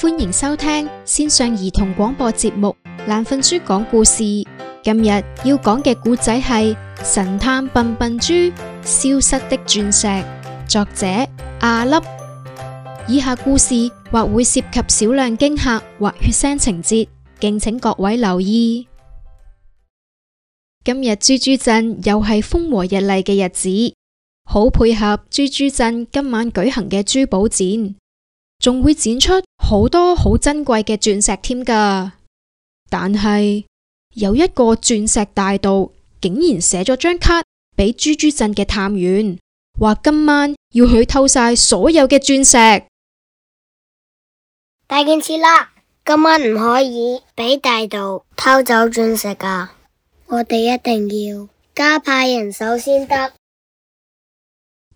歡迎收聽線上兒童廣播節目《懶瞓豬講故事》。今日要講嘅故仔係《神探笨笨豬：消失的鑽石》，作者阿粒。以下故事或會涉及少量驚吓或血腥情節，敬請各位留意。今日豬豬鎮又係風和日麗嘅日子，好配合豬豬鎮今晚舉行嘅珠寶展。仲會展出好多好珍貴嘅鑽石添噶，但係有一個鑽石大盜竟然寫咗張卡俾豬豬鎮嘅探員，話今晚要去偷晒所有嘅鑽石。大件事啦！今晚唔可以俾大盜偷走鑽石噶，啊，我哋一定要加派人手先得。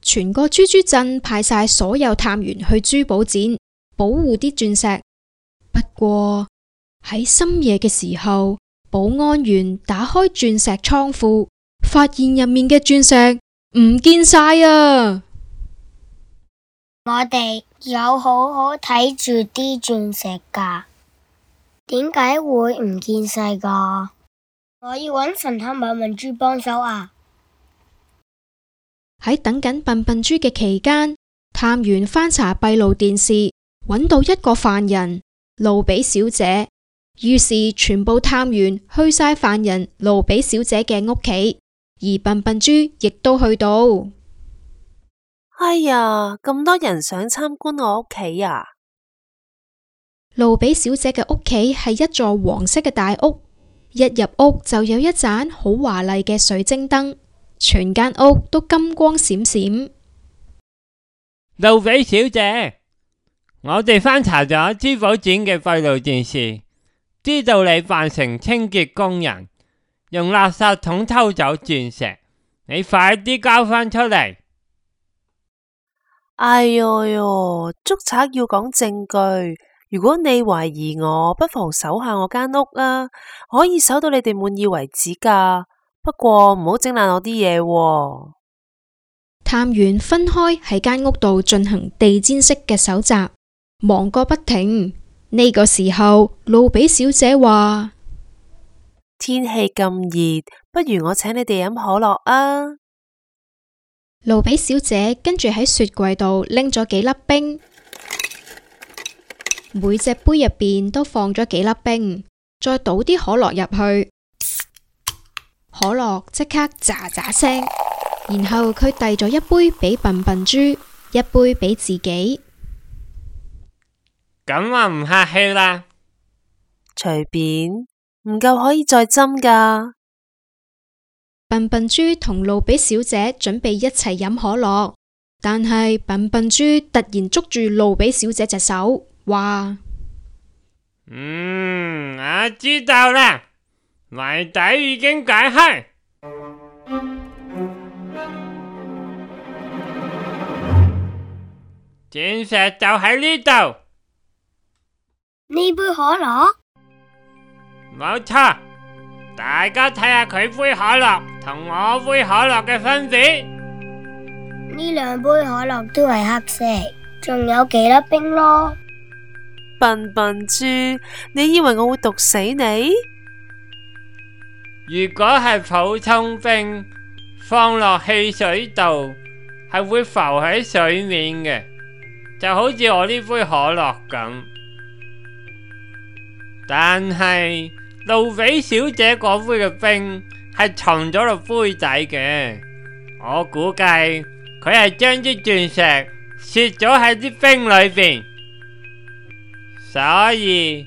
全個豬豬鎮派晒所有探員去珠寶展保護啲鑽石。不過喺深夜嘅時候，保安員打開鑽石倉庫，發現入面嘅鑽石唔見晒啊！我哋有好好睇住啲鑽石噶，點解會唔見晒噶？我要揾神探笨笨豬幫手啊！喺等緊笨笨豬嘅期間，探員翻查閉路電視，揾到一個犯人路比小姐。於是全部探員去晒犯人路比小姐嘅屋企，而笨笨豬亦都去到。哎呀，咁多人想參觀我屋企啊！路比小姐嘅屋企係一座黃色嘅大屋，一入屋就有一盞好華麗嘅水晶燈。全間屋都金光閃閃。路比小姐，我哋翻查咗珠寶展嘅閉路電視，知道你扮成清潔工人，用垃圾桶偷走鑽石。你快啲交返出嚟！哎喲喲，捉賊要講證據。如果你懷疑我，不妨搜下我間屋啦，啊，可以搜到你哋滿意為止㗎。不過唔好整爛我啲嘢、啊。探員分開喺間屋度進行地氈式嘅搜查，忙個不停。呢個時候，露比小姐話：天氣咁熱，不如我請你哋飲可樂啊！露比小姐跟住喺雪櫃度拎咗幾粒冰，每隻杯入邊都放咗幾粒冰，再倒啲可樂入去。可樂即刻喳喳聲，然後佢遞咗一杯俾笨笨豬，一杯俾自己。咁話唔客氣啦，隨便，唔夠可以再斟噶。笨笨豬同路比小姐準備一齊飲可樂，但係笨笨豬突然捉住路比小姐隻手，話：嗯，我知道啦。謎底已經解開，鑽石就喺呢度。呢杯可樂？冇錯，大家睇下佢杯可樂同我杯可樂嘅分別。呢兩杯可樂都係黑色，仲有幾粒冰咯。笨笨豬，你以為我會毒死你？如果係普通冰，放落汽水度係會浮喺水面嘅，就好似我呢杯可樂咁。但係路比小姐嗰杯嘅冰係沉咗落杯底嘅，我估計佢係將啲鑽石蝕咗喺啲冰裏邊。所以。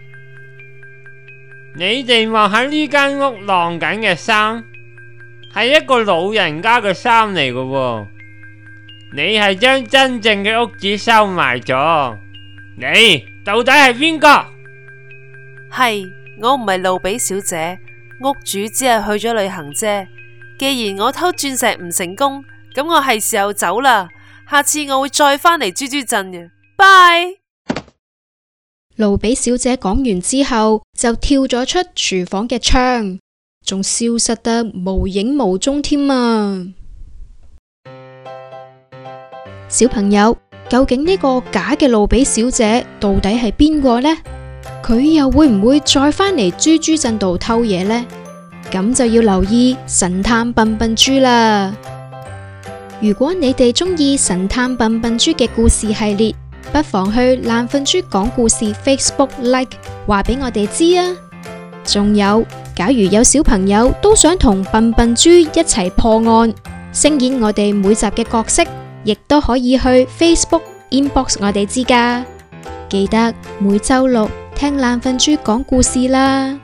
你哋話喺呢間屋晾緊嘅衫，係一個老人家嘅衫嚟噶。你係將真正嘅屋主收埋咗。你到底係邊個？係我唔係路比小姐，屋主只係去咗旅行啫。既然我偷鑽石唔成功，咁我係時候走啦。下次我會再返嚟豬豬鎮嘅。拜。路比小姐講完之後。就跳咗出廚房嘅窗，仲消失得無影無蹤添啊！小朋友，究竟呢個假嘅露比小姐到底係邊個呢？佢又會唔會再返嚟豬豬鎮度偷嘢呢？咁就要留意神探笨笨豬啦！如果你哋中意神探笨笨豬嘅故事系列，不妨去懶瞓豬講故事 Facebook Like 話俾我哋知啊！仲有，假如有小朋友都想同笨笨豬一齊破案，聲演我哋每集嘅角色，亦都可以去 Facebook Inbox 我哋知㗎。記得每周六聽懶瞓豬講故事啦！